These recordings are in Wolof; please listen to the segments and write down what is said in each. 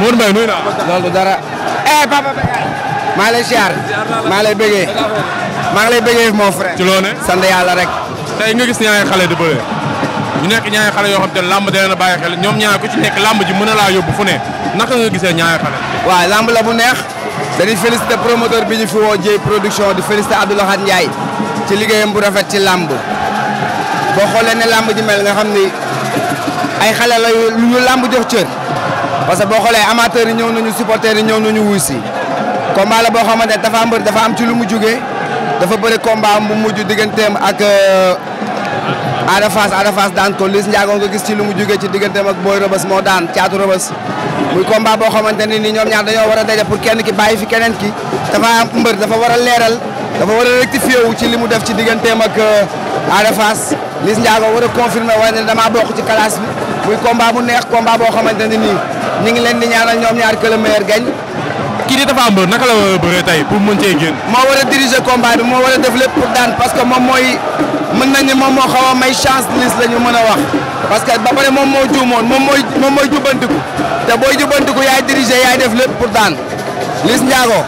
Modou Mbaye nuyu naa. loolu dara. eh papa Bécaye. Eh. maa lay ziar. maa lay bëggee. maa la bëggee moo frère. ci loone sant yàlla rek. tey nga gis ñaari xale di bëre. ñu nekk ñaari xale yoo xam te làmb dina la bàyyi xel ñoom ñaar ku ci nekk làmb ji mën na laa yóbbu fu ne naka nga gisee ñaari xale. waaw làmb la bu neex. dañuy félicité promoteur bi ñu fi woo Dieye production di félicité Abdoulaye Ndiaye ci liggéeyam bu rafet ci làmb boo xoolee ne làmb ji mel nga xam ni ay xale la yu làmb jox parce que boo xoolee amateurs yi ñëw nañu supporters yi ñëw nañu wuy si combat la boo xamante ne dafa mbër dafa am ci lu mu jugee dafa bëri combat mu mujj digganteem ak euh, Ada Fass Ada Fass daan ko Liss Ndiago gis ci lu mu jugee ci digganteem ak Boy Rëbës moo daan caatu Rëbës muy combat boo xamante ne ni ñoom ñaar dañoo war a daje pour kenn ki bàyyi fi keneen ki dafa mbër dafa war a leeral dafa war a rectifié ci li mu def ci digganteem ak euh, Ada Fass Liss war a confirmé wala ne damaa bokk ci classe muy combat bu neex combat boo xamante ne nii. ñu ngi leen di ñaanal ñoom ñaar que le meilleur kii di Tapha Mbeur naka la war a bëree tey pour mën cee génn. moo war a diriger combat bi moo war a def lépp pour daan parce que moom mooy mën nañu moom moo xaw may chance lis la mën a wax parce que ba pare moom moo juumoon moom mooy moom mooy jubbantiku te booy jubbantiku yaay diriger yaay def lépp pour daan Liss Ndiago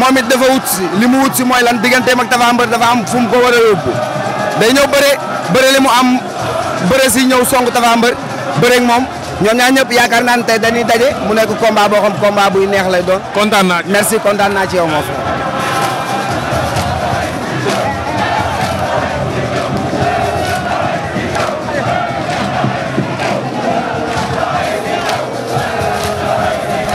moom it dafa wut si li mu wut si mooy lan digganteem ak Tapha Mbeur dafa am fu ko war a yóbbu day ñëw bëre bëre li mu am bëre si ñëw song Tapha Mbeur bëre ñoom ñaar ñëpp yaakaar naa ne tey dañuy daje mu nekk combat boo xam combat buy neex lay doon. kontaan naa ci merci kontaan naa ci yow moo